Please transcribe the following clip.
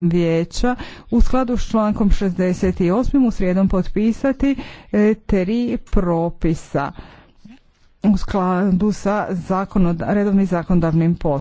vijeća u skladu s člankom 68. u srijedom potpisati e, tri propisa u skladu sa zakonod, redovnim zakonodavnim postupom.